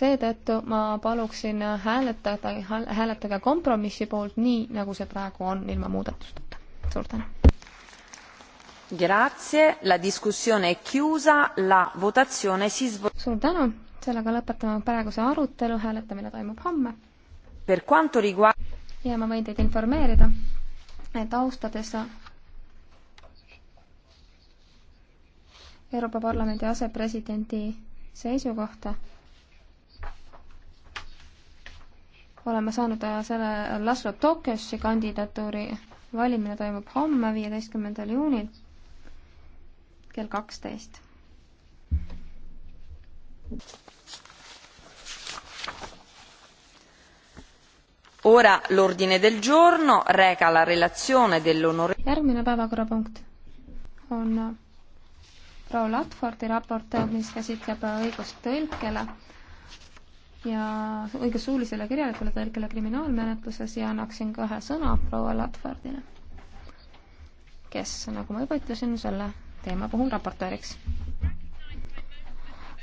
seetõttu ma paluksin hääletada, hääletage kompromissi poolt nii, nagu see praegu on, ilma muudatusteta. suur tänu. Grazie, la discussione è chiusa, la votazione si svolge. suur tänu, sellega lõpetame praeguse arutelu, hääletamine toimub homme. Per quanto riguarda ja ma võin teid informeerida, et austades Euroopa Parlamendi asepresidendi seisukohta oleme saanud äh, selle Laslo Tokesi kandidatuuri. valimine toimub homme, viieteistkümnendal juunil kell kaksteist. Ora l'ordine del giorno reca la relazione dell'onore-. järgmine päevakorrapunkt on äh, proua Latfordi raport, mis käsitleb äh, õigust tõlkele ja õigus suulisele kirjalikule tõlkele kriminaalmenetluses ja annaksin kohe sõna proua Ladfordile, kes, nagu ma juba ütlesin, selle teema puhul raportööriks.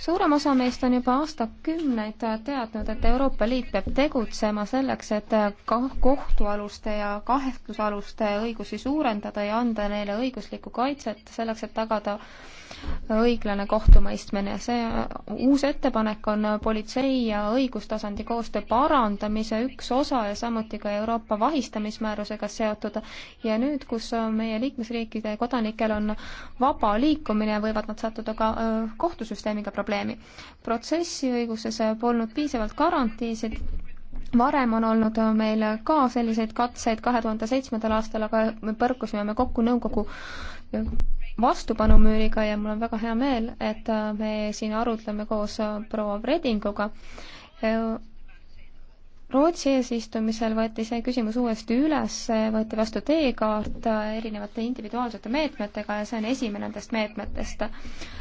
suurem osa meist on juba aastakümneid teadnud, et Euroopa Liit peab tegutsema selleks, et kohtualuste ja kahtlusaluste õigusi suurendada ja anda neile õiguslikku kaitset selleks, et tagada õiglane kohtumõistmine. see uus ettepanek on politsei ja õigustasandi koostöö parandamise üks osa ja samuti ka Euroopa vahistamismäärusega seotud. ja nüüd, kus meie liikmesriikide kodanikel on vaba liikumine, võivad nad sattuda ka kohtusüsteemiga probleemi. protsessiõiguses polnud piisavalt garantiisid varem on olnud meil ka selliseid katseid kahe tuhande seitsmendal aastal, aga me põrkusime me kokku nõukogu vastupanumüüriga ja mul on väga hea meel, et äh, me siin arutleme koos äh, proua Vredinguga äh, Rootsi eesistumisel võeti see küsimus uuesti üles, võeti vastu teekaart erinevate individuaalsete meetmetega ja see on esimene nendest meetmetest.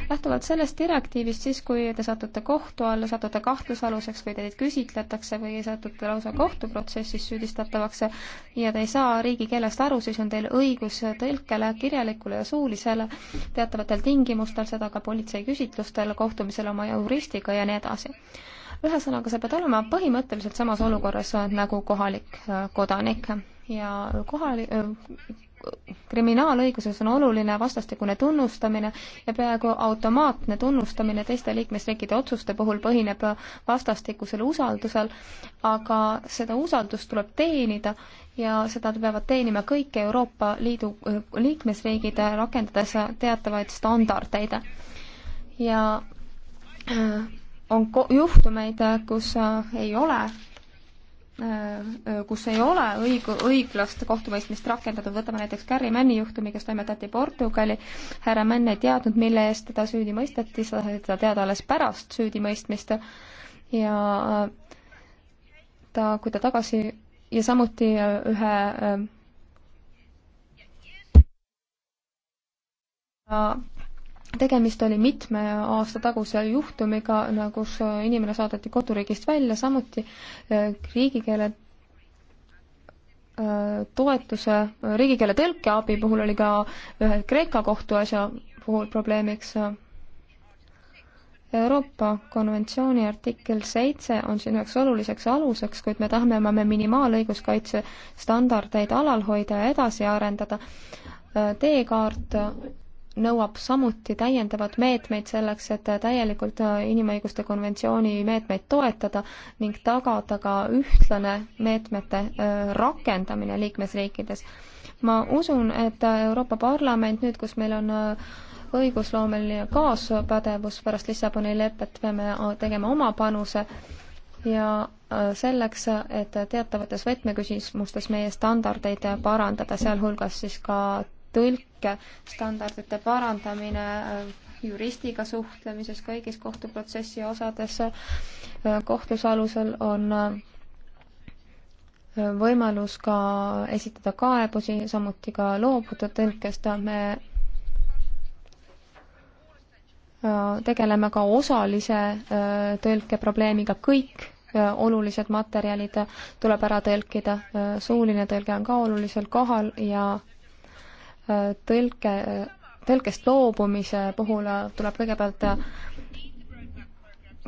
lähtuvalt sellest direktiivist, siis kui te satute kohtu alla, satute kahtlusaluseks või teid küsitletakse või satute lausa kohtuprotsessis süüdistatavaks ja te ei saa riigikeelest aru, siis on teil õigus tõlkele, kirjalikule ja suulisele teatavatel tingimustel, seda ka politsei küsitlustel, kohtumisel oma juristiga ja nii edasi ühesõnaga, sa pead olema põhimõtteliselt samas olukorras nagu kohalik äh, kodanik ja kohali-, äh, kriminaalõiguses on oluline vastastikune tunnustamine ja peaaegu automaatne tunnustamine teiste liikmesriikide otsuste puhul põhineb vastastikusel usaldusel, aga seda usaldust tuleb teenida ja seda peavad teenima kõik Euroopa Liidu äh, liikmesriigid, rakendades teatavaid standardeid. ja on juhtumeid, äh, äh, äh, kus ei ole kus ei ole õig-, õiglast kohtumõistmist rakendatud, võtame näiteks Gary Männi juhtumi, kes toimetati Portugali, härra Männ ei teadnud, mille eest teda süüdi mõisteti, seda sai teda teada alles pärast süüdimõistmist ja ta, kui ta tagasi ja samuti ühe äh, tegemist oli mitme aasta taguse juhtumiga, kus nagu inimene saadeti koduriigist välja, samuti äh, riigikeele äh, toetuse, riigikeele tõlke abi puhul oli ka ühe Kreeka kohtuasja puhul probleemiks Euroopa konventsiooni artikkel seitse on siin üheks oluliseks aluseks, kuid me tahame oma minimaalõiguskaitse standardeid alal hoida ja edasi arendada. Äh, teekaart nõuab samuti täiendavat meetmeid selleks, et täielikult inimõiguste konventsiooni meetmeid toetada ning tagada ka ühtlane meetmete rakendamine liikmesriikides. ma usun, et Euroopa Parlament nüüd, kus meil on õigusloomeline kaaspädevus pärast Lissaboni lepet, peame tegema oma panuse ja selleks, et teatavates võtmeküsimustes meie standardeid parandada, sealhulgas siis ka tõlke standardite parandamine äh, juristiga suhtlemises kõigis kohtuprotsessi osades äh, kohtus alusel on äh, võimalus ka esitada kaebusi, samuti ka loobuda tõlkest, me tegeleme ka osalise tõlke probleemiga, kõik olulised materjalid tuleb ära tõlkida, suuline tõlge on ka olulisel kohal ja tõlke, tõlkest loobumise puhul tuleb kõigepealt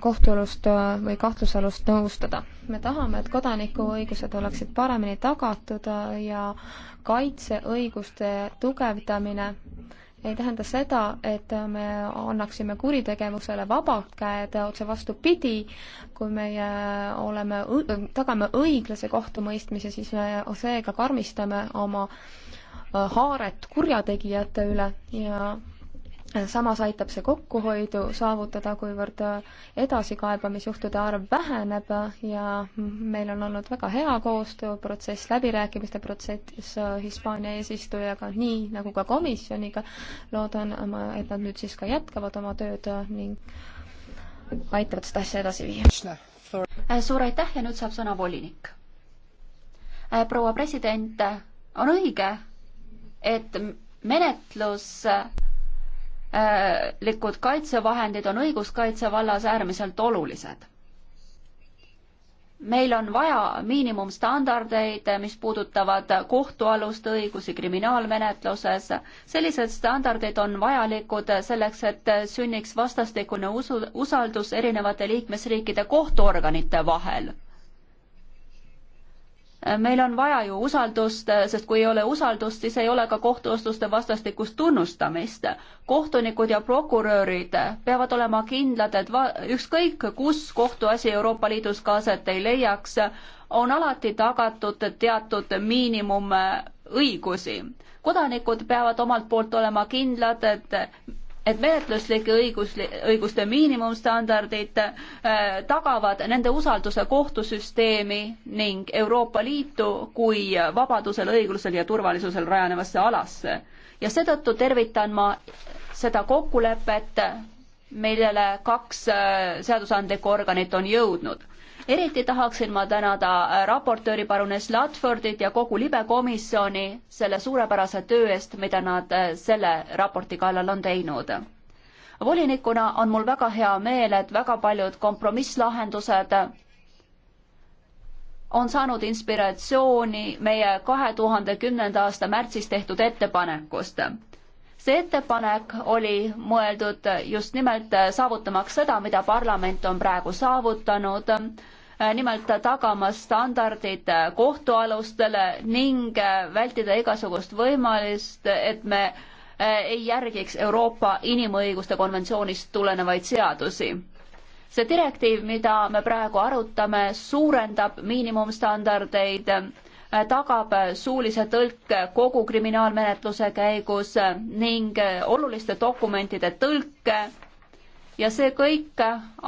kohtualust või kahtlusalust nõustada. me tahame, et kodanikuõigused oleksid paremini tagatud ja kaitseõiguste tugevdamine ei tähenda seda, et me annaksime kuritegevusele vabad käed, otse vastupidi, kui meie äh, oleme, tagame õiglase kohtumõistmise, siis me seega karmistame oma äh, Äh, haaret kurjategijate üle ja äh, samas aitab see kokkuhoidu saavutada, kuivõrd äh, edasikaebamisjuhtude arv väheneb ja meil on olnud väga hea koostööprotsess, läbirääkimiste protsess Hispaania eesistujaga, nii nagu ka komisjoniga. loodan, et nad nüüd siis ka jätkavad oma tööd ning aitavad seda asja edasi viia. suur aitäh ja nüüd saab sõna volinik. proua president, on õige et menetluslikud kaitsevahendid on õiguskaitse vallas äärmiselt olulised. meil on vaja miinimumstandardeid, mis puudutavad kohtualuste õigusi kriminaalmenetluses. sellised standardid on vajalikud selleks, et sünniks vastastikune usu, usaldus erinevate liikmesriikide kohtuorganite vahel meil on vaja ju usaldust, sest kui ei ole usaldust, siis ei ole ka kohtuotsuste vastastikust tunnustamist. kohtunikud ja prokurörid peavad olema kindlad, et va-, ükskõik, kus kohtuasi Euroopa Liidus kaaset ei leiaks, on alati tagatud teatud miinimumõigusi. kodanikud peavad omalt poolt olema kindlad, et et menetluslike õigus, õiguste miinimumstandardid äh, tagavad nende usalduse kohtusüsteemi ning Euroopa Liitu kui vabadusel, õiglusel ja turvalisusel rajanevasse alasse. ja seetõttu tervitan ma seda kokkulepet, millele kaks äh, seadusandlikku organit on jõudnud eriti tahaksin ma tänada äh, raportööri parunes Ladfordit ja kogu libekomisjoni selle suurepärase töö eest, mida nad äh, selle raporti kallal on teinud. volinikuna on mul väga hea meel, et väga paljud kompromisslahendused on saanud inspiratsiooni meie kahe tuhande kümnenda aasta märtsis tehtud ettepanekust see ettepanek oli mõeldud just nimelt saavutamaks seda, mida parlament on praegu saavutanud Äh, nimelt tagama standardid äh, kohtualustele ning äh, vältida igasugust võimalust, et me ei järgiks Euroopa Inimõiguste Konventsioonist tulenevaid seadusi. see direktiiv, mida me praegu arutame, suurendab miinimumstandardeid, tagab suulise tõlke kogu kriminaalmenetluse käigus ning oluliste dokumentide tõlke ja see kõik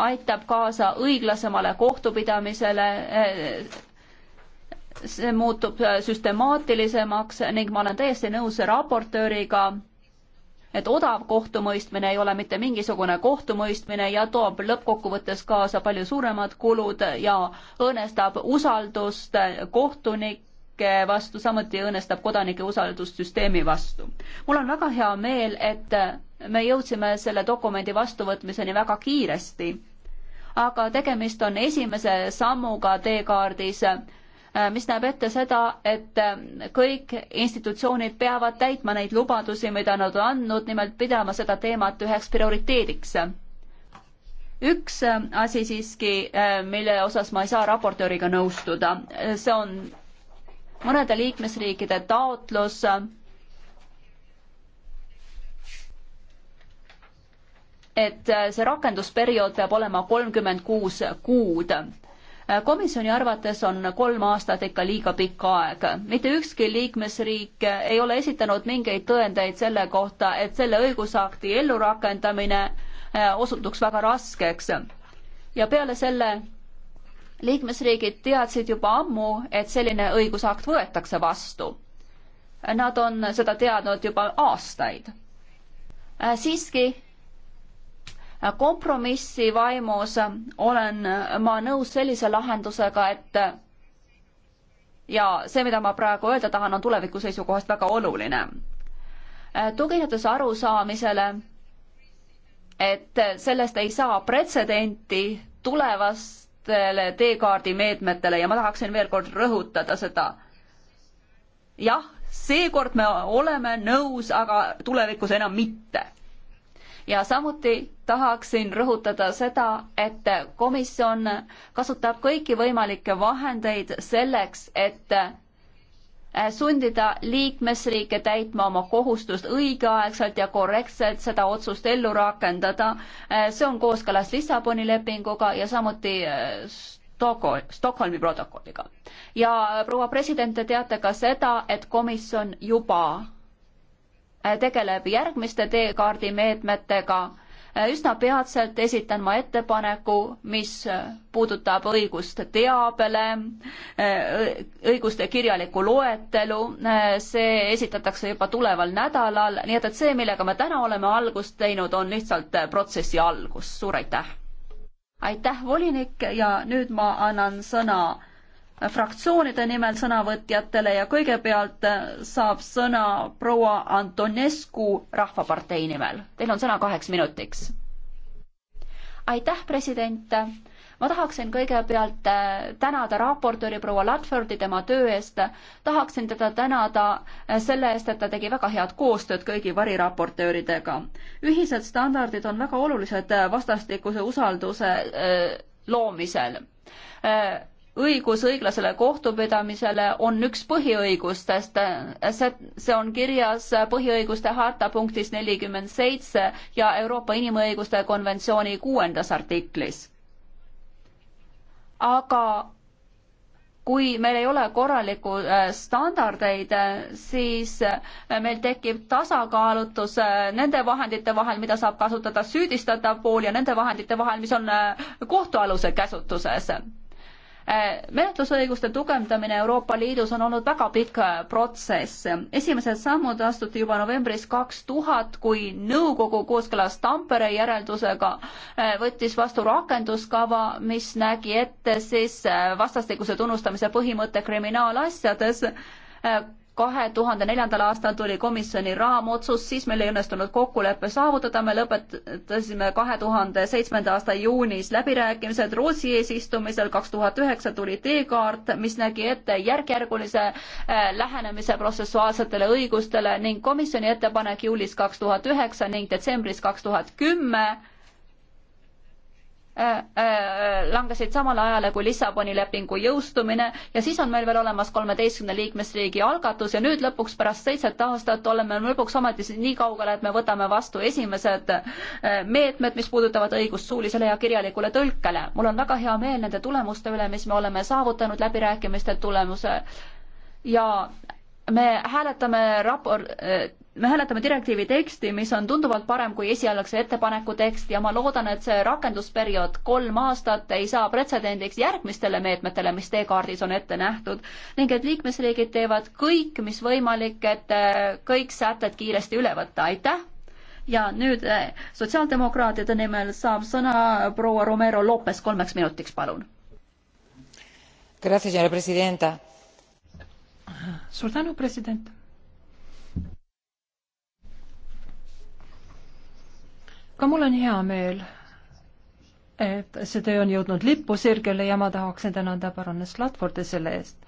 aitab kaasa õiglasemale kohtupidamisele, see muutub süstemaatilisemaks ning ma olen täiesti nõus raportööriga, et odav kohtumõistmine ei ole mitte mingisugune kohtumõistmine ja toob lõppkokkuvõttes kaasa palju suuremad kulud ja õõnestab usaldust kohtunik, kodanike vastu, samuti õõnestab kodanike usaldust süsteemi vastu. mul on väga hea meel, et me jõudsime selle dokumendi vastuvõtmiseni väga kiiresti, aga tegemist on esimese sammuga teekaardis, mis näeb ette seda, et kõik institutsioonid peavad täitma neid lubadusi, mida nad on andnud, nimelt pidama seda teemat üheks prioriteediks üks asi siiski, mille osas ma ei saa raportööriga nõustuda, see on mõnede liikmesriikide taotlus et see rakendusperiood peab olema kolmkümmend kuus kuud. komisjoni arvates on kolm aastat ikka liiga pikk aeg. mitte ükski liikmesriik ei ole esitanud mingeid tõendeid selle kohta, et selle õigusakti ellurakendamine osutuks väga raskeks. ja peale selle liikmesriigid teadsid juba ammu, et selline õigusakt võetakse vastu. Nad on seda teadnud juba aastaid. Äh, siiski äh, kompromissi vaimus olen ma nõus sellise lahendusega, et äh, ja see, mida ma praegu öelda tahan, on tuleviku seisukohast väga oluline. tuginedes arusaamisele, et sellest ei saa pretsedenti tulevas uutele teekaardi meetmetele ja ma tahaksin veel kord rõhutada seda. jah, seekord me oleme nõus, aga tulevikus enam mitte. ja samuti tahaksin rõhutada seda, et komisjon kasutab kõiki võimalikke vahendeid selleks, et Äh, sundida liikmesriike täitma oma kohustust õigeaegselt ja korrektselt seda otsust ellu rakendada. Äh, see on kooskõlas Lissaboni lepinguga ja samuti äh, Stockholmi protokolliga. ja proua president, te teate ka seda, et komisjon juba tegeleb järgmiste teekaardimeetmetega Äh, üsna peatselt esitan ma ettepaneku, mis äh, puudutab õigust teabele, äh, õiguste kirjalikku loetelu, see esitatakse juba tuleval nädalal, nii et, et see, millega me täna oleme algust teinud, on lihtsalt protsessi algus, suur aitäh! aitäh, volinik, ja nüüd ma annan sõna fraktsioonide nimel sõnavõtjatele ja kõigepealt saab sõna proua Antonescu Rahvapartei nimel. Teil on sõna kaheks minutiks. aitäh, president. ma tahaksin kõigepealt tänada raportööri proua Ladfordi tema töö eest. tahaksin teda tänada selle eest, et ta tegi väga head koostööd kõigi variraportööridega. ühised standardid on väga olulised vastastikuse usalduse äh, loomisel äh, õigus õiglasele kohtupidamisele on üks põhiõigustest, see on kirjas põhiõiguste harta punktis nelikümmend seitse ja Euroopa Inimõiguste konventsiooni kuuendas artiklis. aga kui meil ei ole korralikku äh, standardeid, äh, siis äh, meil tekib tasakaalutus nende vahendite vahel, mida saab kasutada süüdistatav pool ja nende vahendite vahel, mis on kohtualuse käsutuses Äh, menetlusõiguste tugevdamine Euroopa Liidus on olnud väga pikk äh, protsess. esimesed sammud astuti juba novembris kaks tuhat, kui nõukogu kooskõlas Tampere järeldusega äh, võttis vastu rakenduskava, mis nägi ette siis vastastikuse tunnustamise põhimõtte kriminaalasjades kahe tuhande neljandal aastal tuli komisjoni raamotsus, siis meil ei õnnestunud kokkuleppe saavutada, me lõpetasime kahe tuhande seitsmenda aasta juunis läbirääkimised Rootsi eesistumisel, kaks tuhat üheksa tuli teekaart, mis nägi ette järk-järgulise äh, lähenemise protsessuaalsetele õigustele ning komisjoni ettepanek juulis kaks tuhat üheksa ning detsembris kaks tuhat kümme Äh, äh, langesid samale ajale kui Lissaboni lepingu jõustumine ja siis on meil veel olemas kolmeteistkümne liikmesriigi algatus ja nüüd lõpuks pärast seitset aastat oleme lõpuks ometi nii kaugele, et me võtame vastu esimesed äh, meetmed, mis puudutavad õigust suulisele ja kirjalikule tõlkele. mul on väga hea meel nende tulemuste üle, mis me oleme saavutanud läbirääkimiste tulemuse ja me hääletame rapor-, me hääletame direktiivi teksti, mis on tunduvalt parem kui esialgse ettepaneku tekst ja ma loodan, et see rakendusperiood kolm aastat ei saa pretsedendiks järgmistele meetmetele, mis teekaardis on ette nähtud ning et liikmesriigid teevad kõik, mis võimalik, et äh, kõik sätted kiiresti üle võtta, aitäh! ja nüüd äh, sotsiaaldemokraatide nimel saab sõna proua Romero Lopes kolmeks minutiks, palun. suur tänu, president ka mul on hea meel, et see töö on jõudnud lipusirgele ja ma tahaksin tänada paroness Ladfordi selle eest.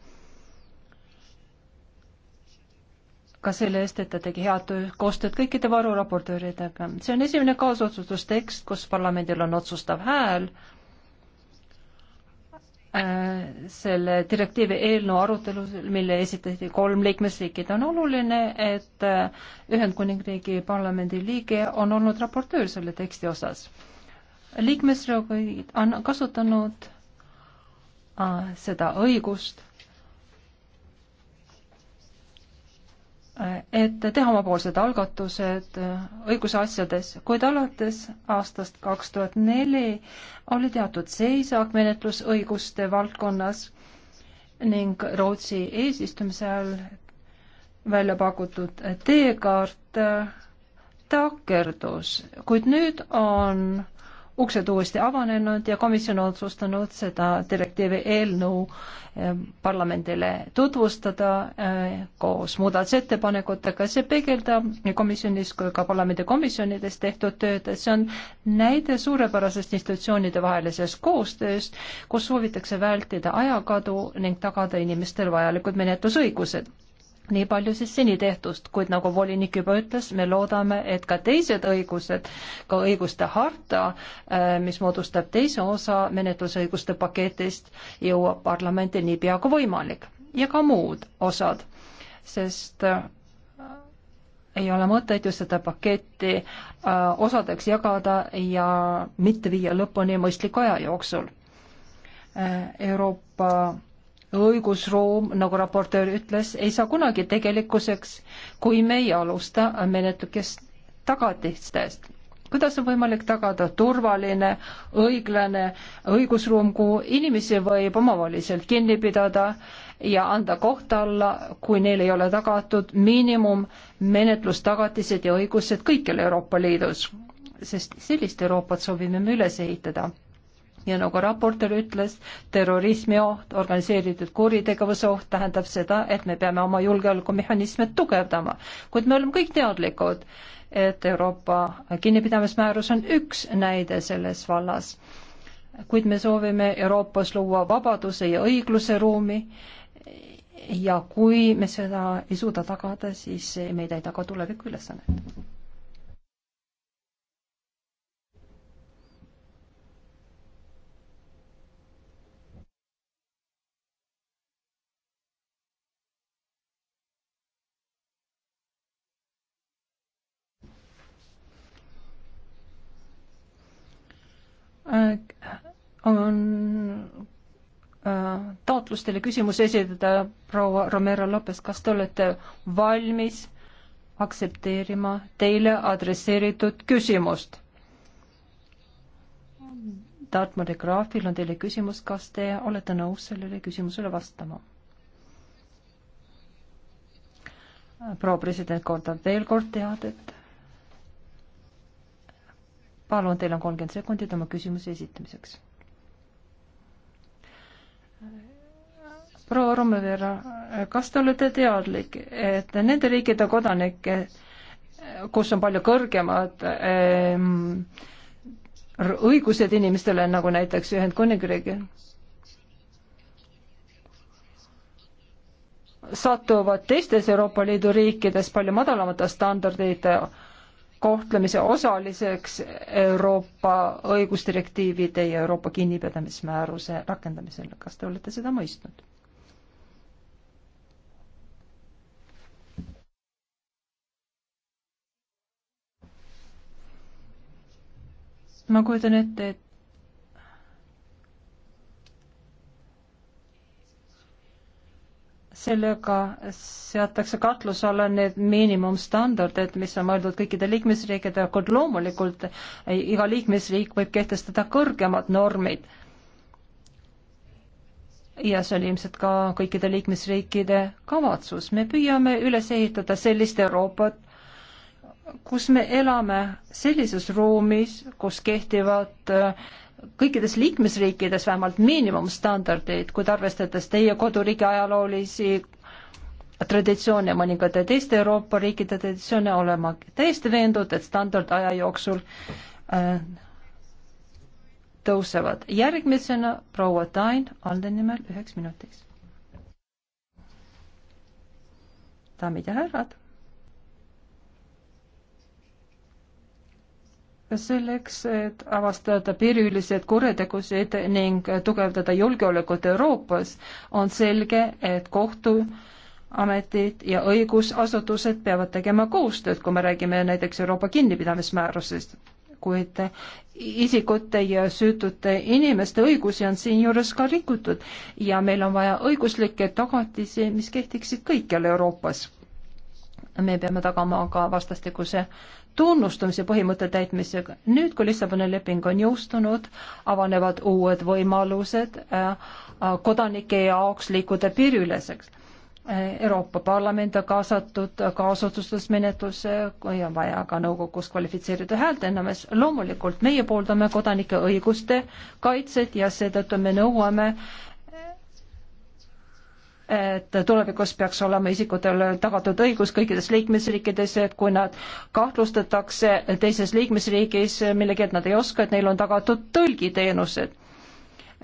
ka selle eest, et ta tegi head koostööd kõikide varuraportööridega. see on esimene kaasotsustustekst, kus parlamendil on otsustav hääl äh, selle direktiivi eelnõu arutelus, mille esitasid kolm liikmesriikid, on oluline, et äh, Ühendkuningriigi parlamendi liige on olnud raportöör selle teksti osas. liikmesriigid on kasutanud äh, seda õigust et teha omapoolsed algatused äh, õigusasjades, kuid alates aastast kaks tuhat neli oli teatud seisak menetlusõiguste valdkonnas ning Rootsi eesistumise ajal välja pakutud teekaart äh, takerdus, kuid nüüd on uksed uuesti avanenud ja komisjon otsustanud seda direktiivi eelnõu eh, parlamendile tutvustada eh, koos muudatusettepanekutega. see peegeldab nii komisjonis kui ka parlamendikomisjonides tehtud tööd, et see on näide suurepärasest institutsioonide vahelisest koostööst, kus soovitakse vältida ajakadu ning tagada inimestel vajalikud menetlusõigused nii palju siis seni tehtust, kuid nagu volinik juba ütles, me loodame, et ka teised õigused, ka õiguste harta, äh, mis moodustab teise osa menetlusõiguste paketist, jõuab parlamenti niipea kui võimalik ja ka muud osad, sest äh, ei ole mõtet ju seda paketti äh, osadeks jagada ja mitte viia lõpuni mõistliku aja jooksul. Euroopa õigusruum, nagu raportöör ütles, ei saa kunagi tegelikkuseks, kui me ei alusta menetlusest tagatistest. kuidas on võimalik tagada turvaline, õiglane õigusruum, kuhu inimesi võib omavaheliselt kinni pidada ja anda kohta alla, kui neil ei ole tagatud miinimum menetlustagatised ja õigused kõikjal Euroopa Liidus? sest sellist Euroopat soovime me üles ehitada ja nagu raportöör ütles, terrorismi oht, organiseeritud kuritegevuse oht tähendab seda, et me peame oma julgeolekumehhanisme tugevdama. kuid me oleme kõik teadlikud, et Euroopa kinnipidamismäärus on üks näide selles vallas. kuid me soovime Euroopas luua vabaduse ja õigluse ruumi ja kui me seda ei suuda tagada, siis me ei täida ka tuleviku ülesannet Äh, on äh, taotlustele küsimus esitada, proua Romero Lopes, kas te olete valmis aktsepteerima teile adresseeritud küsimust? Tartmo de Graafil on teile küsimus, kas te olete nõus sellele küsimusele vastama? proua president kordab veel kord teadet palun, teil on kolmkümmend sekundit oma küsimuse esitamiseks. proua Romevera, kas te olete teadlik, et nende riikide kodanike, kus on palju kõrgemad ähm, õigused inimestele, nagu näiteks Ühendkuningriigi, satuvad teistes Euroopa Liidu riikides palju madalamate standardite kohtlemise osaliseks Euroopa õigusdirektiivide ja Euroopa kinnipidamismääruse rakendamisel. kas te olete seda mõistnud? ma kujutan ette, et sellega seatakse katluse alla need miinimumstandardid, mis on mõeldud kõikide liikmesriikide, kuid loomulikult iga liikmesriik võib kehtestada kõrgemad normid. ja see on ilmselt ka kõikide liikmesriikide kavatsus. me püüame üles ehitada sellist Euroopat, kus me elame sellises ruumis, kus kehtivad kõikides liikmesriikides vähemalt miinimumstandardeid, kuid arvestades teie koduriigi ajaloolisi traditsioone, mõningate teiste Euroopa riikide traditsioone, olen ma täiesti veendunud, et standardaja jooksul äh, tõusevad. järgmisena proua Tain Alde nimel üheks minutiks. daamid ja härrad selleks, et avastada piiriülised kuritegusid ning tugevdada julgeolekut Euroopas, on selge, et kohtuametid ja õigusasutused peavad tegema koostööd, kui me räägime näiteks Euroopa kinnipidamismäärusest, kuid isikute ja süütute inimeste õigusi on siinjuures ka rikutud ja meil on vaja õiguslikke tagatisi, mis kehtiksid kõikjal Euroopas me peame tagama ka vastastikuse tunnustamise põhimõtte täitmisega. nüüd, kui Lissaboni leping on jõustunud, avanevad uued võimalused äh, äh, kodanike jaoks liikuda piiriüleseks. Äh, Euroopa Parlament on kaasatud kaasotsustusmenetlusse, kui on vaja ka nõukogus kvalifitseerida häälteenamus. loomulikult meie pooldame kodanike õiguste kaitset ja seetõttu me nõuame et tulevikus peaks olema isikutele tagatud õigus kõikides liikmesriikides, et kui nad kahtlustatakse teises liikmesriigis millegi, et nad ei oska, et neil on tagatud tõlgiteenused.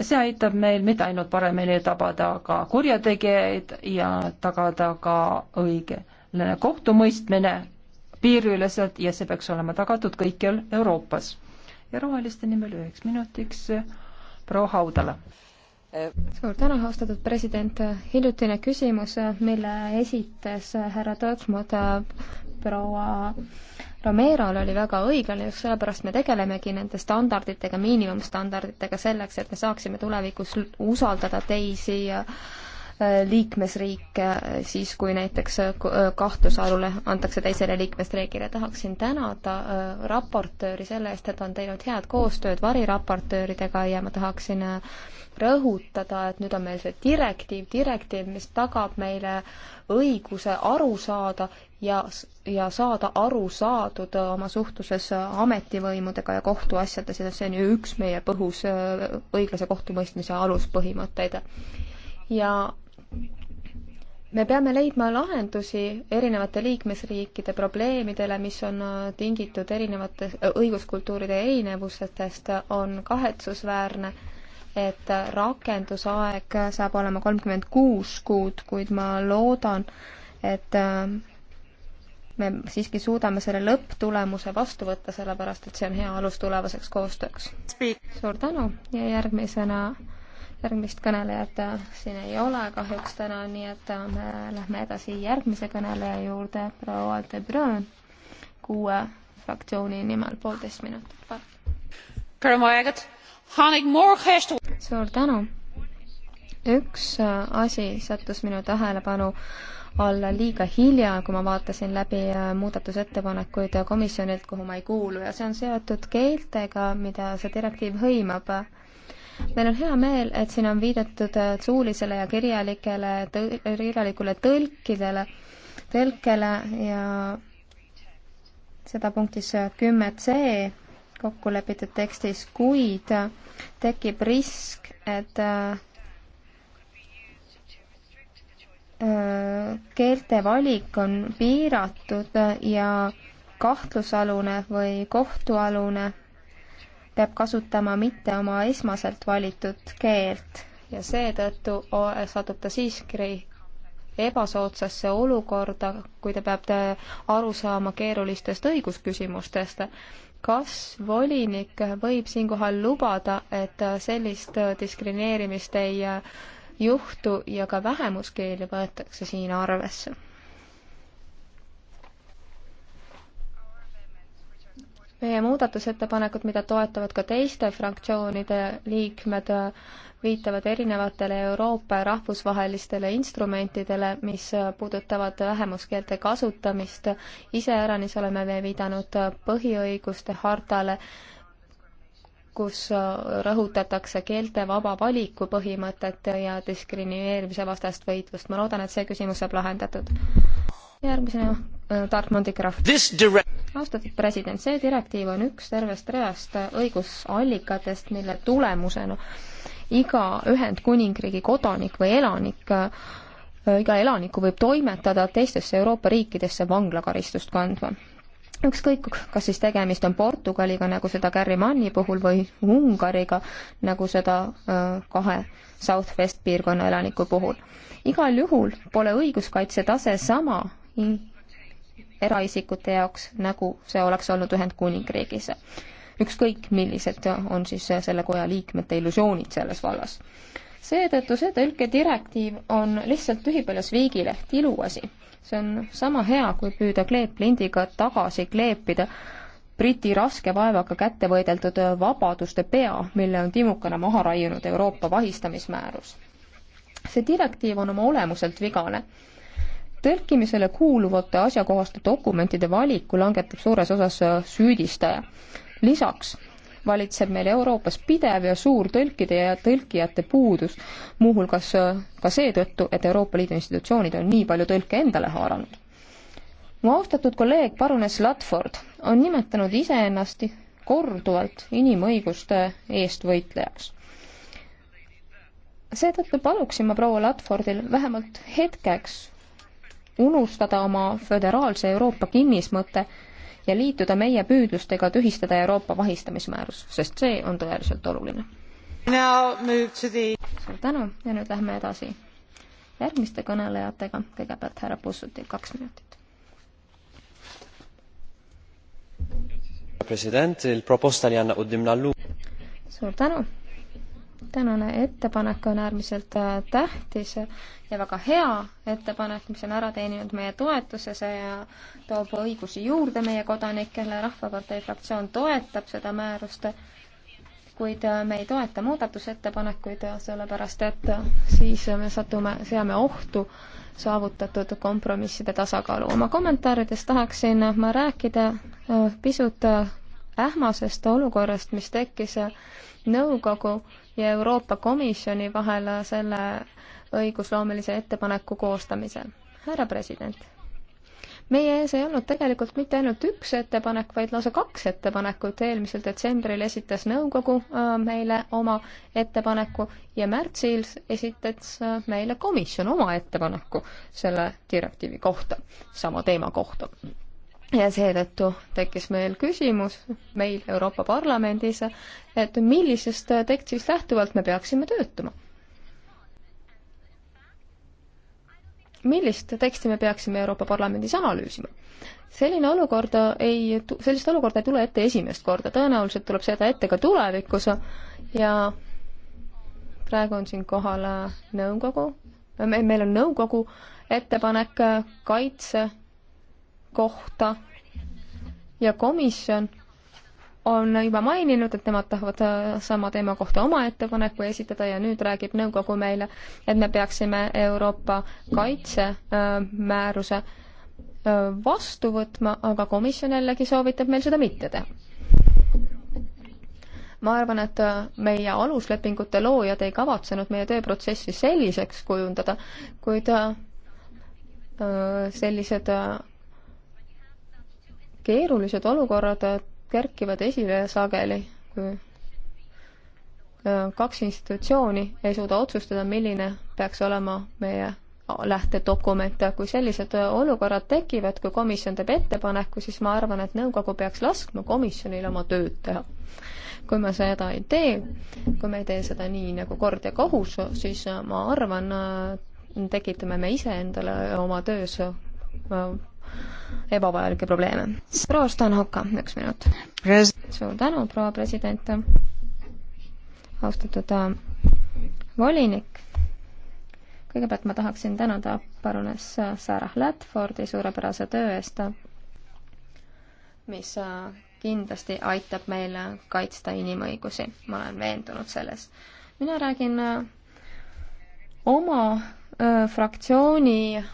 see aitab meil mitte ainult paremini tabada ka kurjategijaid ja tagada ka õigele kohtumõistmine piiriüleselt ja see peaks olema tagatud kõikjal Euroopas. ja roheliste nimel üheks minutiks proua Haudala suur tänu, austatud president. hiljutine küsimus, mille esitas härra Tõksmad proua Romerol oli väga õiglane, just sellepärast me tegelemegi nende standarditega, miinimumstandarditega selleks, et me saaksime tulevikus usaldada teisi Äh, liikmesriike äh, siis, kui näiteks äh, kahtlusalule antakse teisele liikmesriigile. tahaksin tänada raportööri selle eest, et on teinud head koostööd variraportööridega ja ma tahaksin rõhutada, et nüüd on meil see direktiiv, direktiiv, mis tagab meile õiguse aru saada ja, ja saada aru saadud oma suhtluses ametivõimudega ja kohtuasjades ja see on ju üks meie põhus õiglase kohtumõistmise aluspõhimõtteid. ja me peame leidma lahendusi erinevate liikmesriikide probleemidele, mis on tingitud erinevate õiguskultuuride erinevustest, on kahetsusväärne, et rakendusaeg saab olema kolmkümmend kuus kuud, kuid ma loodan, et me siiski suudame selle lõpptulemuse vastu võtta, sellepärast et see on hea alus tulevaseks koostööks. suur tänu ja järgmisena järgmist kõnelejat siin ei ole kahjuks täna, nii et me lähme edasi järgmise kõneleja juurde, proua Aldebrun, kuue fraktsiooni nimel poolteist minutit, palun. suur tänu. üks asi sattus minu tähelepanu alla liiga hilja, kui ma vaatasin läbi muudatusettepanekuid komisjonilt, kuhu ma ei kuulu ja see on seotud keeltega, mida see direktiiv hõimab meil on hea meel, et siin on viidatud äh, suulisele ja kirjalikele, kirjalikule tõlkidele, tõlkele ja seda punktis äh, kümme C kokku lepitud tekstis, kuid äh, tekib risk, et keelte valik on piiratud ja kahtlusalune või kohtualune peab kasutama mitte oma esmaselt valitud keelt ja seetõttu satub ta siiski ebasoodsasse olukorda, kui ta peab aru saama keerulistest õigusküsimustest. kas volinik võib siinkohal lubada, et sellist diskrimineerimist ei juhtu ja ka vähemuskeeli võetakse siin arvesse? meie muudatusettepanekud, mida toetavad ka teiste fraktsioonide liikmed, viitavad erinevatele Euroopa rahvusvahelistele instrumentidele, mis puudutavad vähemuskeelte kasutamist. iseäranis oleme me viidanud põhiõiguste hartale, kus rõhutatakse keelte vaba valiku põhimõtet ja diskrimineerimise vastast võitlust. ma loodan, et see küsimus saab lahendatud. järgmisena äh, Tarmo Tigraf austatud president, see direktiiv on üks tervest reast õigusallikatest, mille tulemusena iga Ühendkuningriigi kodanik või elanik, iga elaniku võib toimetada teistesse Euroopa riikidesse vanglakaristust kandma ükskõik, kas siis tegemist on Portugaliga, nagu seda Gary Manni puhul, või Ungariga, nagu seda äh, kahe South-West piirkonna elaniku puhul. igal juhul pole õiguskaitse tase sama eraisikute jaoks, nagu see oleks olnud Ühendkuningriigis. ükskõik, millised on siis selle koja liikmete illusioonid selles vallas. seetõttu see tõlkedirektiiv on lihtsalt tühipaljas viigileht, iluasi. see on sama hea, kui püüda kleeplindiga tagasi kleepida Briti raske vaevaga kätte võideldud vabaduste pea, mille on timukana maha raiunud Euroopa vahistamismäärus. see direktiiv on oma olemuselt vigane tõlkimisele kuuluvate asjakohaste dokumentide valiku langetab suures osas äh, süüdistaja. lisaks valitseb meil Euroopas pidev ja suur tõlkide ja tõlkijate puudus, muuhulgas äh, ka seetõttu, et Euroopa Liidu institutsioonid on nii palju tõlke endale haaranud. mu austatud kolleeg parunes Ladford on nimetanud iseennast korduvalt inimõiguste eest võitlejaks. seetõttu paluksin ma proua Ladfordil vähemalt hetkeks unustada oma föderaalse Euroopa kinnismõte ja liituda meie püüdlustega tühistada Euroopa vahistamismäärus, sest see on tõeliselt oluline. The... suur tänu ja nüüd lähme edasi järgmiste kõnelejatega, kõigepealt härra Pussutil kaks minutit. president, proposta li anna uddimna lu-. suur tänu tänane ettepanek on äärmiselt äh, tähtis ja väga hea ettepanek, mis on ära teeninud meie toetuse, see toob õigusi juurde meie kodanikele, Rahvapartei fraktsioon toetab seda määrust, kuid äh, me ei toeta muudatusettepanekuid, sellepärast et äh, siis me satume, seame ohtu saavutatud kompromisside tasakaalu. oma kommentaarides tahaksin ma rääkida pisut ähmasest olukorrast, mis tekkis nõukogu ja Euroopa Komisjoni vahel selle õigusloomelise ettepaneku koostamisel. härra president, meie ees ei olnud tegelikult mitte ainult üks ettepanek, vaid lausa kaks ettepanekut, eelmisel detsembril esitas nõukogu äh, meile oma ettepaneku ja märtsil esitas äh, meile komisjon oma ettepaneku selle direktiivi kohta, sama teema kohta ja seetõttu tekkis meil küsimus, meil Euroopa Parlamendis, et millisest tekstist lähtuvalt me peaksime töötama. millist teksti me peaksime Euroopa Parlamendis analüüsima? selline olukord ei, sellist olukorda ei tule ette esimest korda, tõenäoliselt tuleb seda ette ka tulevikus ja praegu on siin kohal nõukogu, meil on nõukogu ettepanek kaitse kohta ja komisjon on juba maininud, et nemad tahavad äh, sama teema kohta oma ettepaneku esitada ja nüüd räägib nõukogu meile, et me peaksime Euroopa kaitsemääruse äh, äh, vastu võtma, aga komisjon jällegi soovitab meil seda mitte teha. ma arvan, et meie aluslepingute loojad ei kavatsenud meie tööprotsessi selliseks kujundada, kuid sellised keerulised olukorrad kerkivad esile sageli, kui äh, kaks institutsiooni ei suuda otsustada, milline peaks olema meie lähtedokument. kui sellised äh, olukorrad tekivad, kui komisjon teeb ettepaneku, siis ma arvan, et nõukogu peaks laskma komisjonil oma tööd teha. kui me seda ei tee, kui me ei tee seda nii nagu kord ja kohus, siis äh, ma arvan, tekitame me iseendale oma töös ebavajalikke probleeme. proua Stanhoka, üks minut. suur tänu, proua president. austatud äh, volinik. kõigepealt ma tahaksin tänada paruness äh, Sarah Ladfordi suurepärase töö eest, mis äh, kindlasti aitab meil kaitsta inimõigusi, ma olen veendunud selles. mina räägin oma fraktsiooni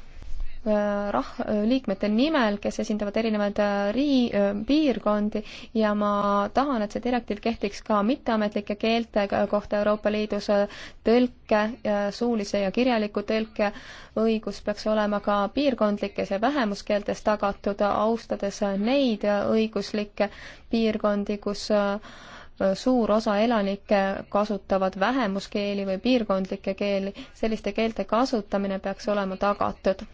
rah-, liikmete nimel, kes esindavad erinevaid äh, rii-, äh, piirkondi ja ma tahan, et see direktiiv kehtiks ka mitteametlike keelte kohta Euroopa Liidus, tõlke, äh, suulise ja kirjaliku tõlke õigus peaks olema ka piirkondlikes ja vähemuskeeltes tagatud, austades neid õiguslikke piirkondi, kus suur osa elanikke kasutavad vähemuskeeli või piirkondlikke keeli, selliste keelte kasutamine peaks olema tagatud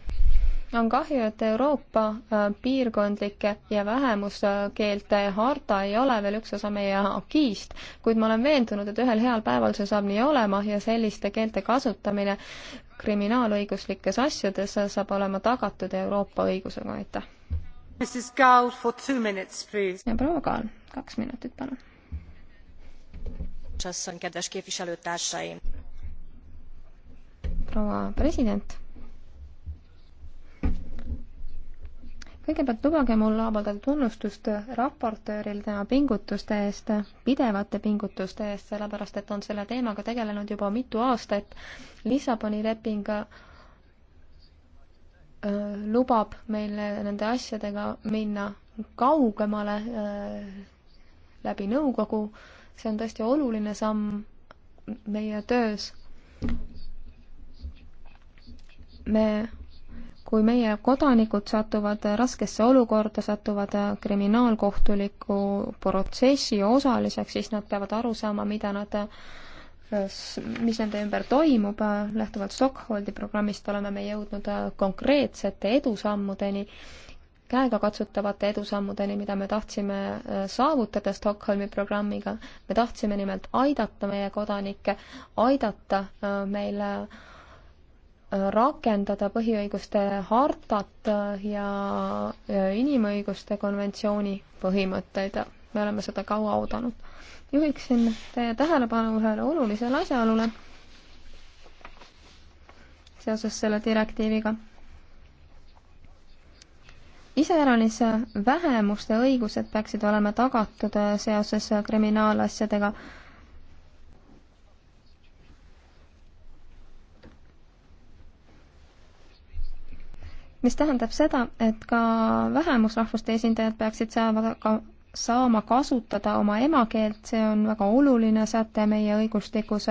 on kahju, et Euroopa äh, piirkondlike ja vähemuskeelte harta ei ole veel üks osa meie akiist, kuid ma olen veendunud, et ühel heal päeval see saab nii olema ja selliste keelte kasutamine kriminaalõiguslikes asjades saab olema tagatud Euroopa õigusega, aitäh. ja proua Kaal, kaks minutit, palun. proua president kõigepealt lubage mul avaldada tunnustust raportööril tema pingutuste eest, pidevate pingutuste eest, sellepärast et on selle teemaga tegelenud juba mitu aastat. Lissaboni leping äh, lubab meil nende asjadega minna kaugemale äh, läbi nõukogu, see on tõesti oluline samm meie töös. me kui meie kodanikud satuvad raskesse olukorda, satuvad kriminaalkohtuliku protsessi osaliseks, siis nad peavad aru saama, mida nad, mis nende ümber toimub, lähtuvalt Stockholmi programmist oleme me jõudnud konkreetsete edusammudeni, käegakatsutavate edusammudeni, mida me tahtsime saavutada Stockholmi programmiga. me tahtsime nimelt aidata meie kodanikke, aidata meil rakendada põhiõiguste hartat ja inimõiguste konventsiooni põhimõtteid. me oleme seda kaua oodanud. juhiksin teie tähelepanu ühele olulisele asjaolule seoses selle direktiiviga. iseäranis vähemuste õigused peaksid olema tagatud seoses kriminaalasjadega mis tähendab seda, et ka vähemusrahvuste esindajad peaksid saama ka saama kasutada oma emakeelt, see on väga oluline säte meie õigustikus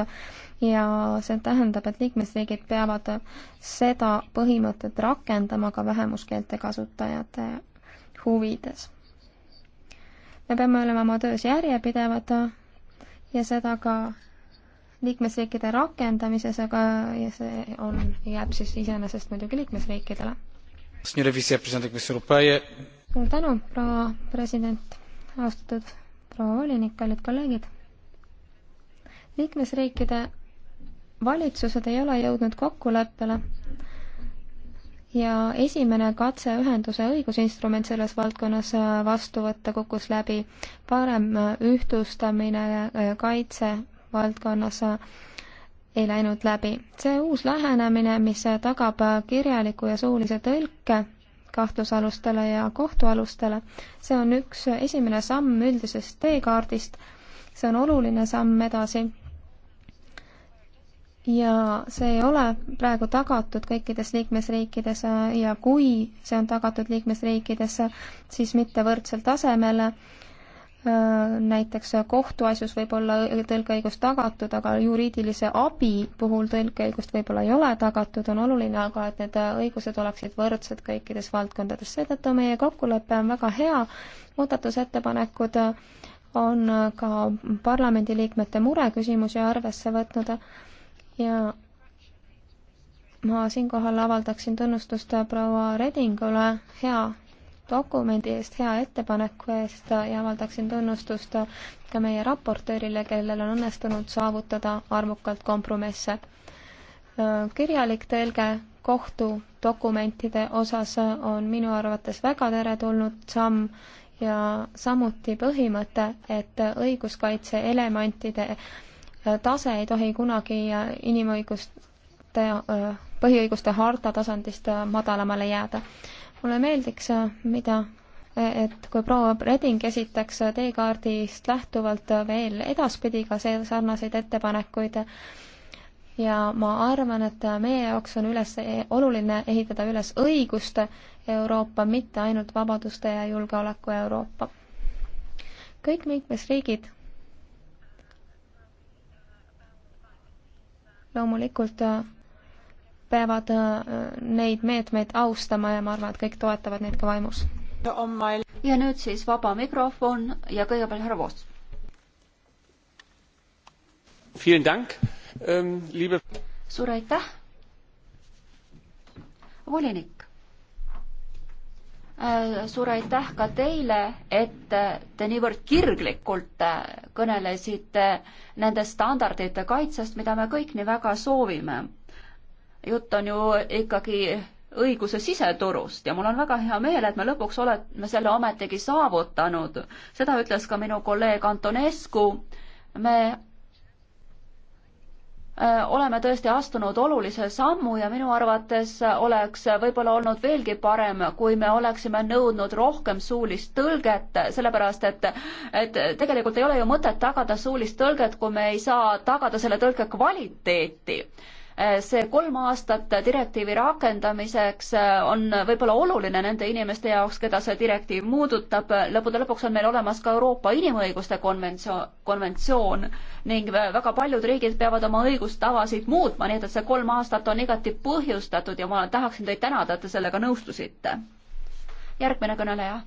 ja see tähendab, et liikmesriigid peavad seda põhimõtet rakendama ka vähemuskeelte kasutajate huvides. me peame olema oma töös järjepidevad ja seda ka liikmesriikide rakendamises, aga ja see on, jääb siis iseenesest muidugi liikmesriikidele suur tänu, proua president, austatud proua volinik, kallid kolleegid. liikmesriikide valitsused ei ole jõudnud kokkuleppele ja esimene katse ühenduse õigusinstrument selles valdkonnas äh, vastu võtta kukkus läbi. parem äh, ühtlustamine äh, kaitse valdkonnas ei läinud läbi. see uus lähenemine, mis tagab kirjaliku ja suulise tõlke kahtlusalustele ja kohtualustele, see on üks esimene samm üldisest teekaardist, see on oluline samm edasi ja see ei ole praegu tagatud kõikides liikmesriikides ja kui see on tagatud liikmesriikides, siis mitte võrdsel tasemel Äh, näiteks kohtuasjus võib olla tõlkeõigus tagatud, aga juriidilise abi puhul tõlkeõigust võib-olla ei ole tagatud, on oluline aga, et need õigused oleksid võrdsed kõikides valdkondades, seetõttu meie kokkulepe on väga hea, muudatusettepanekud on ka parlamendiliikmete mureküsimusi arvesse võtnud ja ma siinkohal avaldaksin tunnustust proua Redingule hea dokumendi eest, hea ettepaneku eest ja avaldaksin tunnustust ka meie raportöörile, kellel on õnnestunud saavutada arvukalt kompromisse. kirjalik tõlge kohtudokumentide osas on minu arvates väga teretulnud samm ja samuti põhimõte, et õiguskaitse elementide tase ei tohi kunagi inimõiguste, põhiõiguste harta tasandist madalamale jääda mulle meeldiks, äh, mida, äh, et kui proua Reding esitaks äh, teekaardist lähtuvalt veel edaspidi ka see, sarnaseid ettepanekuid ja ma arvan, et meie jaoks on üles, e, oluline ehitada üles õiguste Euroopa, mitte ainult vabaduste ja julgeoleku Euroopa. kõik liikmesriigid loomulikult peavad äh, neid meetmeid austama ja ma arvan, et kõik toetavad neid ka vaimus. ja nüüd siis vaba mikrofon ja kõigepealt härra Voos. Ähm, suur aitäh. volinik äh, suur aitäh ka teile, et te niivõrd kirglikult äh, kõnelesite nende standardite kaitsest, mida me kõik nii väga soovime jutt on ju ikkagi õiguse siseturust ja mul on väga hea meel, et me lõpuks oleme selle ometigi saavutanud. seda ütles ka minu kolleeg Antonescu. me äh, oleme tõesti astunud olulise sammu ja minu arvates oleks võib-olla olnud veelgi parem, kui me oleksime nõudnud rohkem suulist tõlget, sellepärast et, et tegelikult ei ole ju mõtet tagada suulist tõlget, kui me ei saa tagada selle tõlke kvaliteeti Eh, see kolm aastat direktiivi rakendamiseks eh, on võib-olla oluline nende inimeste jaoks, keda see direktiiv muudutab. lõppude lõpuks on meil olemas ka Euroopa Inimõiguste konventsioon, konventsioon ning väga paljud riigid peavad oma õigustavasid muutma, nii et, et see kolm aastat on igati põhjustatud ja ma tahaksin teid tänada, et te sellega nõustusite. järgmine kõneleja.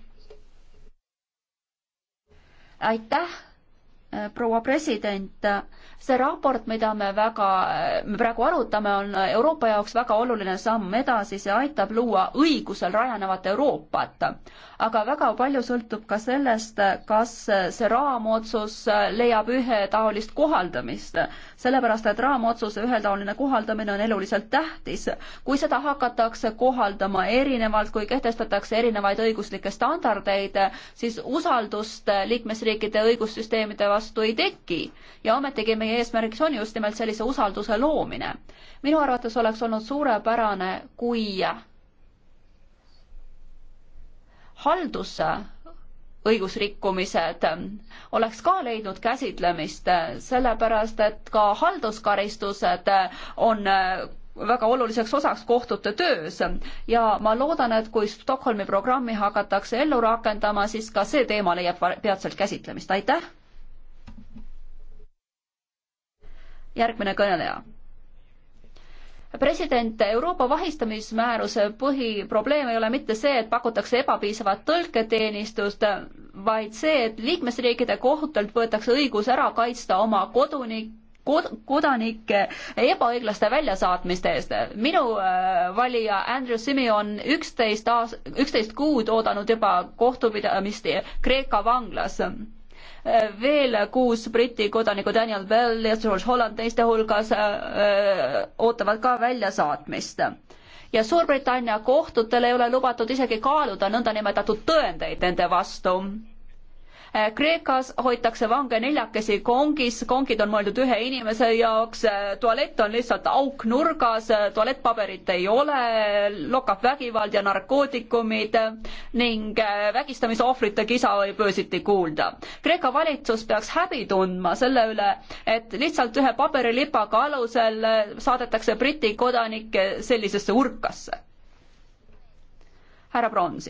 aitäh Äh, proua president, see raport, mida me väga, me praegu arutame, on Euroopa jaoks väga oluline samm edasi, see aitab luua õigusel rajanevat Euroopat. aga väga palju sõltub ka sellest, kas see raamotsus leiab ühetaolist kohaldamist. sellepärast, et raamotsuse ühetaoline kohaldamine on eluliselt tähtis. kui seda hakatakse kohaldama erinevalt, kui kehtestatakse erinevaid õiguslikke standardeid, siis usaldust liikmesriikide õigussüsteemide vastu vastu ei teki. ja ometigi meie eesmärgiks on just nimelt sellise usalduse loomine. minu arvates oleks olnud suurepärane, kui haldusse õigusrikkumised oleks ka leidnud käsitlemist, sellepärast et ka halduskaristused on väga oluliseks osaks kohtute töös ja ma loodan, et kui Stockholmi programmi hakatakse ellu rakendama, siis ka see teema leiab peatselt käsitlemist, aitäh! järgmine kõneleja. president, Euroopa vahistamismääruse põhiprobleem ei ole mitte see, et pakutakse ebapiisavat tõlketeenistust, vaid see, et liikmesriikide kohtult võetakse õigus ära kaitsta oma kodunik-, kod-, kodanike ebaõiglaste väljasaatmiste eest. minu äh, valija Andrew Simeon üksteist aas-, üksteist kuud oodanud juba kohtupidamist Kreeka vanglas veel kuus Briti kodanikku, Daniel Bell ja George Holland teiste hulgas äh, äh, ootavad ka väljasaatmist ja Suurbritannia kohtutel ei ole lubatud isegi kaaluda nõndanimetatud tõendeid nende vastu Kreekas hoitakse vange neljakesi kongis, kongid on mõeldud ühe inimese jaoks, tualett on lihtsalt auk nurgas, tualettpaberit ei ole, lokab vägivald ja narkootikumid ning vägistamise ohvrite kisa võib öösiti kuulda. Kreeka valitsus peaks häbi tundma selle üle, et lihtsalt ühe paberilipaga alusel saadetakse Briti kodanikke sellisesse urkasse. härra Brons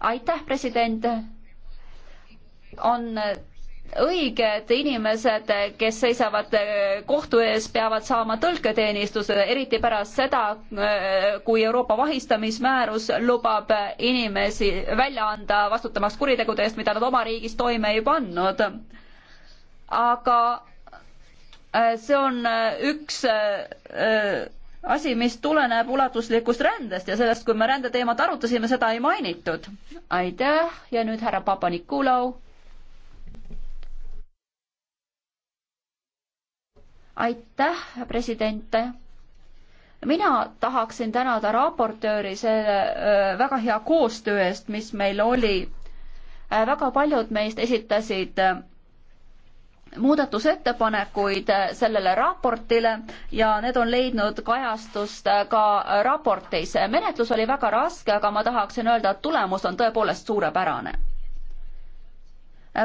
aitäh, president. on õige, et inimesed, kes seisavad kohtu ees, peavad saama tõlketeenistuse, eriti pärast seda, kui Euroopa vahistamismäärus lubab inimesi välja anda vastutamaks kuritegude eest, mida nad oma riigis toime ei pannud. aga see on üks asi, mis tuleneb ulatuslikust rändest ja sellest, kui me rändeteemat arutasime, seda ei mainitud. aitäh ja nüüd härra Papa-Nikolau. aitäh, president. mina tahaksin tänada raportööri selle väga hea koostöö eest, mis meil oli. väga paljud meist esitasid muudatusettepanekuid sellele raportile ja need on leidnud kajastust ka raportis. menetlus oli väga raske, aga ma tahaksin öelda, et tulemus on tõepoolest suurepärane.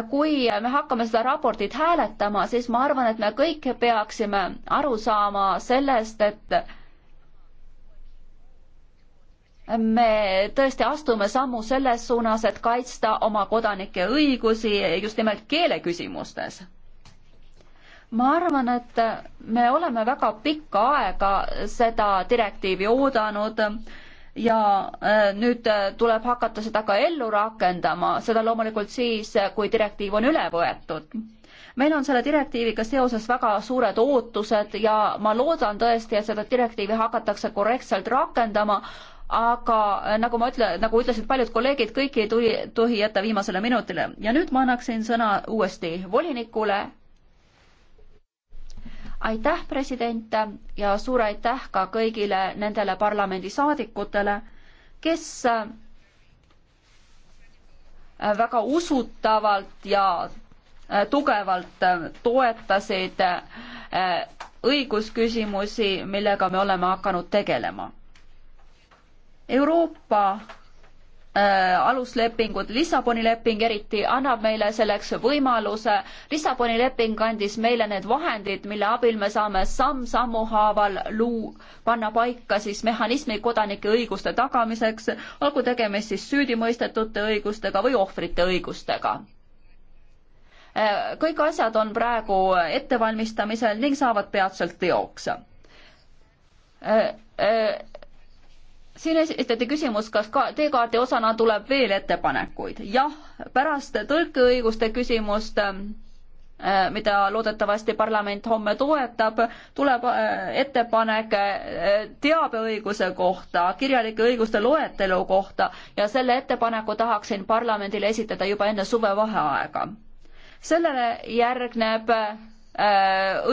kui me hakkame seda raportit hääletama, siis ma arvan, et me kõik peaksime aru saama sellest, et me tõesti astume sammu selles suunas, et kaitsta oma kodanike õigusi just nimelt keeleküsimustes ma arvan, et me oleme väga pikka aega seda direktiivi oodanud ja äh, nüüd äh, tuleb hakata seda ka ellu rakendama, seda loomulikult siis, äh, kui direktiiv on üle võetud. meil on selle direktiiviga seoses väga suured ootused ja ma loodan tõesti, et seda direktiivi hakatakse korrektselt rakendama, aga nagu ma ütlen, nagu ütlesid paljud kolleegid, kõiki ei tohi, tohi jätta viimasele minutile ja nüüd ma annaksin sõna uuesti volinikule, aitäh, president, ja suur aitäh ka kõigile nendele parlamendisaadikutele, kes äh, väga usutavalt ja äh, tugevalt äh, toetasid õigusküsimusi, millega me oleme hakanud tegelema. Euroopa Äh, aluslepingud, Lissaboni leping eriti annab meile selleks võimaluse. Lissaboni leping andis meile need vahendid, mille abil me saame samm-sammu haaval luu-, panna paika siis mehhanismi kodanike õiguste tagamiseks, olgu tegemist siis süüdimõistetute õigustega või ohvrite õigustega äh, kõik asjad on praegu ettevalmistamisel ning saavad peatselt teoks äh, siin esitati küsimus, kas ka teekaardi osana tuleb veel ettepanekuid. jah, pärast tõlkeõiguste küsimust äh, mida loodetavasti parlament homme toetab, tuleb äh, ettepanek äh, teabeõiguse kohta, kirjalike õiguste loetelu kohta ja selle ettepaneku tahaksin parlamendile esitada juba enne suvevaheaega. sellele järgneb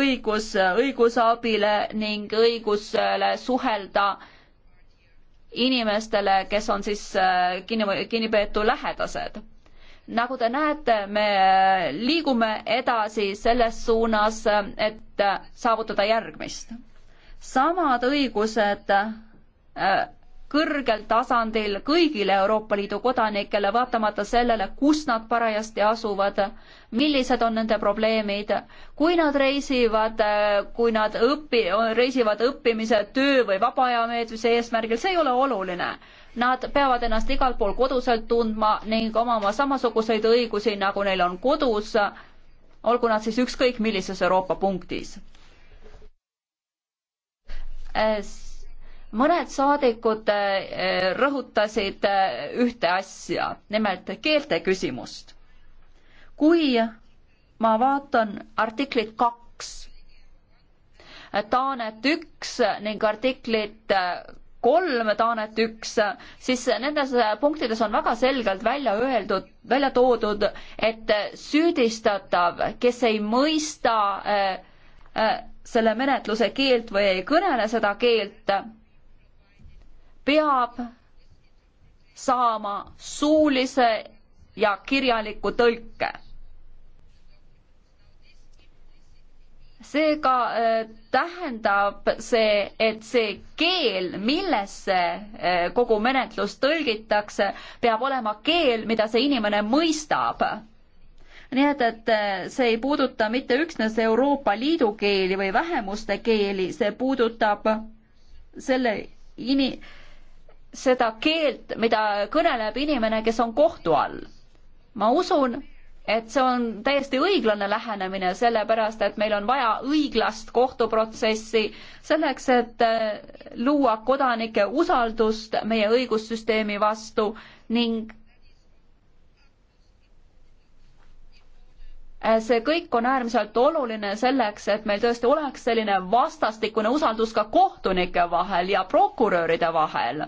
õigus õigusabile ning õigusele suhelda äh, inimestele, kes on siis äh, kinni, kinnipeetu lähedased. nagu te näete, me liigume edasi selles suunas, et saavutada järgmist. samad õigused äh, kõrgel tasandil kõigile Euroopa Liidu kodanikele, vaatamata sellele, kus nad parajasti asuvad, millised on nende probleemid, kui nad reisivad, kui nad õpi-, reisivad õppimise, töö või vaba aja meetmise eesmärgil, see ei ole oluline. Nad peavad ennast igal pool koduselt tundma ning omama samasuguseid õigusi, nagu neil on kodus, olgu nad siis ükskõik millises Euroopa punktis äh, mõned saadikud äh, rõhutasid äh, ühte asja, nimelt keelte küsimust. kui ma vaatan artiklit kaks, taanet üks ning artiklit äh, kolm taanet üks, siis nendes punktides on väga selgelt välja öeldud, välja toodud, et süüdistatav, kes ei mõista äh, äh, selle menetluse keelt või ei kõnele seda keelt äh,, peab saama suulise ja kirjaliku tõlke. seega äh, tähendab see, et see keel, millesse äh, kogu menetlus tõlgitakse, peab olema keel, mida see inimene mõistab nii et, et äh, see ei puuduta mitte üksnes Euroopa Liidu keeli või vähemuste keeli, see puudutab selle ini-, seda keelt, mida kõneleb inimene, kes on kohtu all. ma usun, et see on täiesti õiglane lähenemine, sellepärast et meil on vaja õiglast kohtuprotsessi selleks, et äh, luua kodanike usaldust meie õigussüsteemi vastu ning äh, see kõik on äärmiselt oluline selleks, et meil tõesti oleks selline vastastikune usaldus ka kohtunike vahel ja prokuröride vahel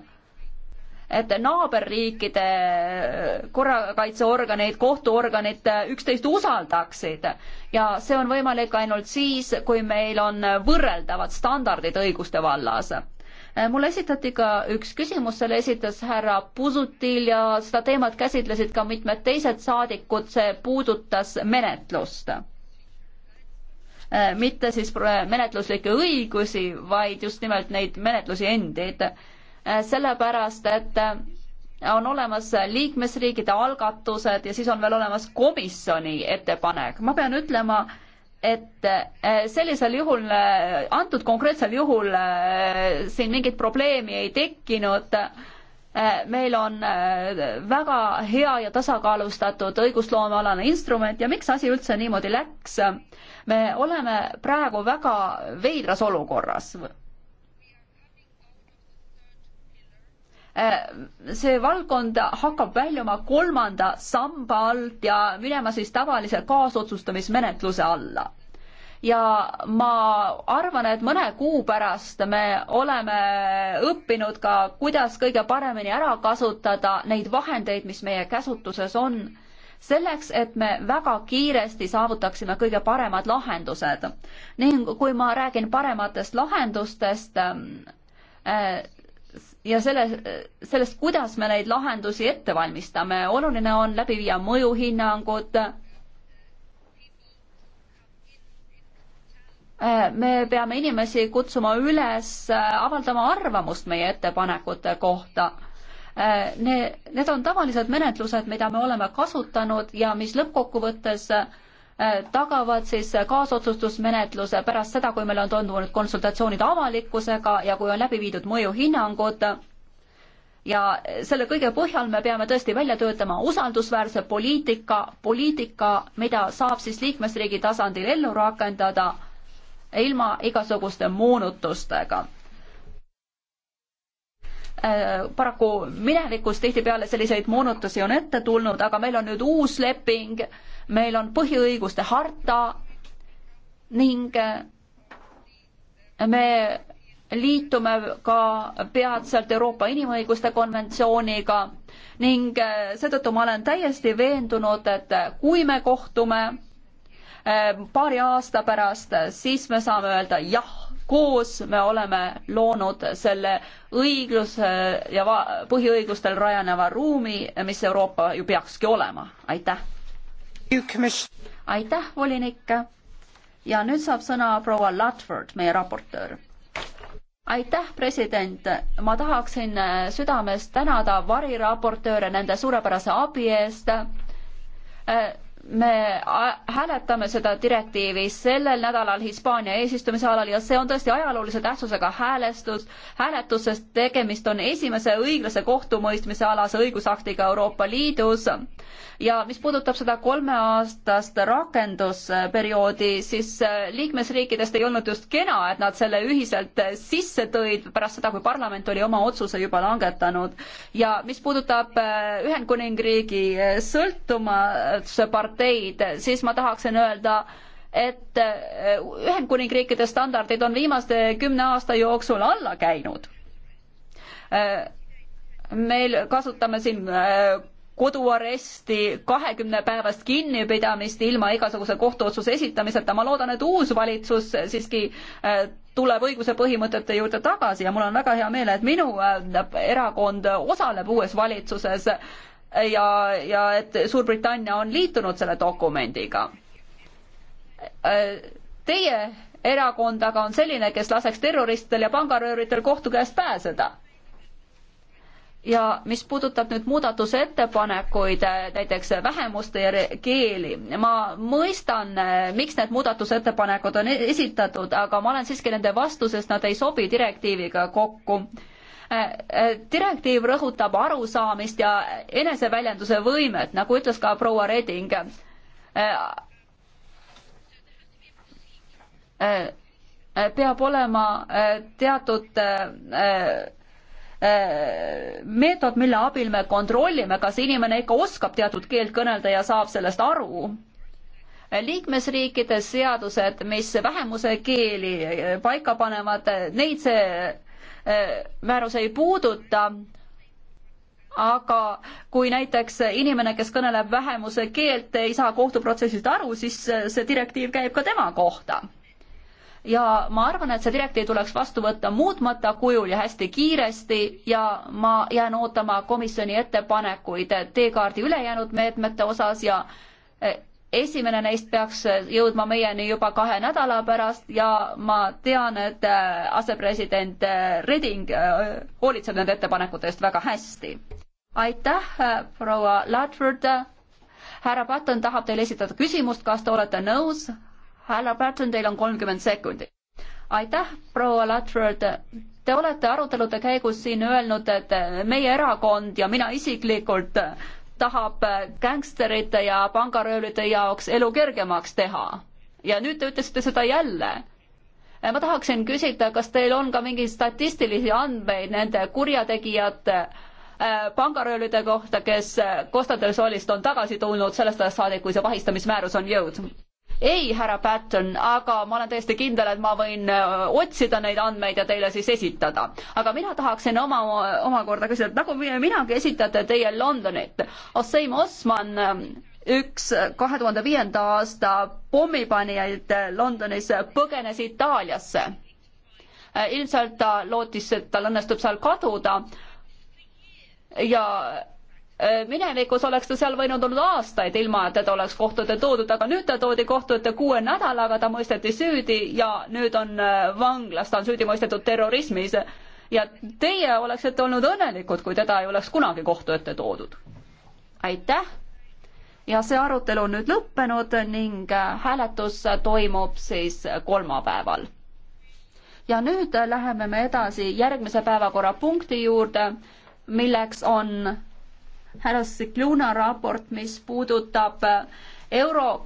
et naaberriikide korrakaitseorganeid, kohtuorganid üksteist usaldaksid ja see on võimalik ainult siis, kui meil on võrreldavad standardid õiguste vallas mulle esitati ka üks küsimus, selle esitas härra Pusutil ja seda teemat käsitlesid ka mitmed teised saadikud, see puudutas menetlust mitte siis menetluslikke õigusi, vaid just nimelt neid menetlusi endid. Äh, sellepärast et äh, on olemas liikmesriigide algatused ja siis on veel olemas komisjoni ettepanek. ma pean ütlema, et äh, sellisel juhul, antud konkreetsel juhul siin mingit probleemi ei tekkinud. meil on väga hea ja tasakaalustatud õigusloomealane instrument ja miks asi üldse niimoodi läks? me oleme praegu väga veidras olukorras Äh, see valdkond hakkab väljuma kolmanda samba alt ja minema siis tavalise kaasotsustamismenetluse alla. ja ma arvan, et mõne kuu pärast me oleme õppinud ka, kuidas kõige paremini ära kasutada neid vahendeid, mis meie käsutuses on selleks, et me väga kiiresti saavutaksime kõige paremad lahendused. ning kui ma räägin parematest lahendustest, äh, ja selle, sellest, kuidas me neid lahendusi ette valmistame, oluline on läbi viia mõjuhinnangud. me peame inimesi kutsuma üles avaldama arvamust meie ettepanekute kohta. Need, need on tavalised menetlused, mida me oleme kasutanud ja mis lõppkokkuvõttes äh, Äh, tagavad siis kaasotsustusmenetluse pärast seda, kui meil on toimunud konsultatsioonid avalikkusega ja kui on läbi viidud mõjuhinnangud. ja selle kõige põhjal me peame tõesti välja töötama usaldusväärse poliitika, poliitika, mida saab siis liikmesriigi tasandil ellu rakendada ilma igasuguste moonutustega äh, paraku minevikus tihtipeale selliseid moonutusi on ette tulnud, aga meil on nüüd uus leping meil on põhiõiguste harta ning äh, me liitume ka peatselt Euroopa Inimõiguste konventsiooniga ning äh, seetõttu ma olen täiesti veendunud, et äh, kui me kohtume paari aasta pärast, siis me saame öelda jah, koos me oleme loonud selle õigluse ja põhiõigustel rajaneva ruumi, mis Euroopa ju peakski olema. aitäh! aitäh, volinik. ja nüüd saab sõna proua Latford, meie raportöör aitäh, president, ma tahaksin äh, südamest tänada variraportööre nende suurepärase abi eest äh, me hääletame seda direktiivi sellel nädalal Hispaania eesistumise alal ja see on tõesti ajaloolise tähtsusega häälestus, hääletus, sest tegemist on esimese õiglase kohtumõistmise alase õigusaktiga Euroopa Liidus. ja mis puudutab seda kolmeaastast rakendusperioodi, siis äh, liikmesriikidest ei olnud just kena, et nad selle ühiselt sisse tõid pärast seda, kui parlament oli oma otsuse juba langetanud. ja mis puudutab äh, Ühendkuningriigi äh, sõltumatuse part-, parteid, siis ma tahaksin öelda, et äh, Ühendkuningriikide standardid on viimase kümne aasta jooksul alla käinud. Äh, meil kasutame siin äh, koduaresti, kahekümnepäevast kinnipidamist ilma igasuguse kohtuotsuse esitamiseta, ma loodan, et uus valitsus siiski tuleb õiguse põhimõtete juurde tagasi ja mul on väga hea meel, et minu erakond osaleb uues valitsuses ja, ja et Suurbritannia on liitunud selle dokumendiga. Teie erakond aga on selline, kes laseks terroristidel ja pangarööritel kohtu käest pääseda. ja mis puudutab nüüd muudatusettepanekuid, näiteks vähemuste ja keeli, ma mõistan, miks need muudatusettepanekud on e-, esitatud, aga ma olen siiski nende vastu, sest nad ei sobi direktiiviga kokku Äh, äh, direktiiv rõhutab arusaamist ja eneseväljenduse võimet, nagu ütles ka proua Reding. Äh, peab olema teatud meetod, mille abil me kontrollime, kas inimene ikka oskab teatud keelt kõnelda ja saab sellest aru. liikmesriikides seadused, mis vähemuse keeli paika panevad, neid see Äh, määrus ei puuduta, aga kui näiteks inimene, kes kõneleb vähemuse keelt, ei saa kohtuprotsessist aru, siis äh, see direktiiv käib ka tema kohta. ja ma arvan, et see direktiiv tuleks vastu võtta muutmata kujul ja hästi kiiresti ja ma jään ootama komisjoni ettepanekuid teekaardi ülejäänud meetmete osas ja äh, esimene neist peaks jõudma meieni juba kahe nädala pärast ja ma tean, et äh, asepresident äh, Reding äh, hoolitseb nende ettepanekute eest väga hästi. aitäh, proua Ladford. härra Patten tahab teile esitada küsimust, kas te olete nõus? härra Patten, teil on kolmkümmend sekundit. aitäh, proua Ladford. Te olete arutelude käigus siin öelnud, et meie erakond ja mina isiklikult tahab äh, gängsterite ja pangaröövlite jaoks elu kergemaks teha. ja nüüd te ütlesite seda jälle. Äh, ma tahaksin küsida, kas teil on ka mingeid statistilisi andmeid nende kurjategijate äh, pangaröövlide kohta, kes Costa del Solist on tagasi tulnud sellest ajast saadik, kui see vahistamismäärus on jõudnud? ei, härra Patton, aga ma olen täiesti kindel, et ma võin äh, otsida neid andmeid ja teile siis esitada. aga mina tahaksin oma, omakorda küsida, et nagu minagi esitate teie Londonit, Osseim Osman äh, üks kahe tuhande viienda aasta pommipanijaid äh, Londonis põgenes Itaaliasse. ilmselt ta lootis, et tal õnnestub seal kaduda ja Äh, minevikus oleks ta seal võinud olla aastaid, ilma et teda oleks kohtu ette toodud, aga nüüd ta toodi kohtu ette kuue nädalaga, ta mõisteti süüdi ja nüüd on äh, vanglas, ta on süüdi mõistetud terrorismis. ja teie oleksite olnud õnnelikud, kui teda ei oleks kunagi kohtu ette toodud. aitäh! ja see arutelu on nüüd lõppenud ning äh, hääletus toimub siis kolmapäeval ja nüüd läheme me edasi järgmise päevakorrapunkti juurde, milleks on härra Sikluna raport, mis puudutab äh, euro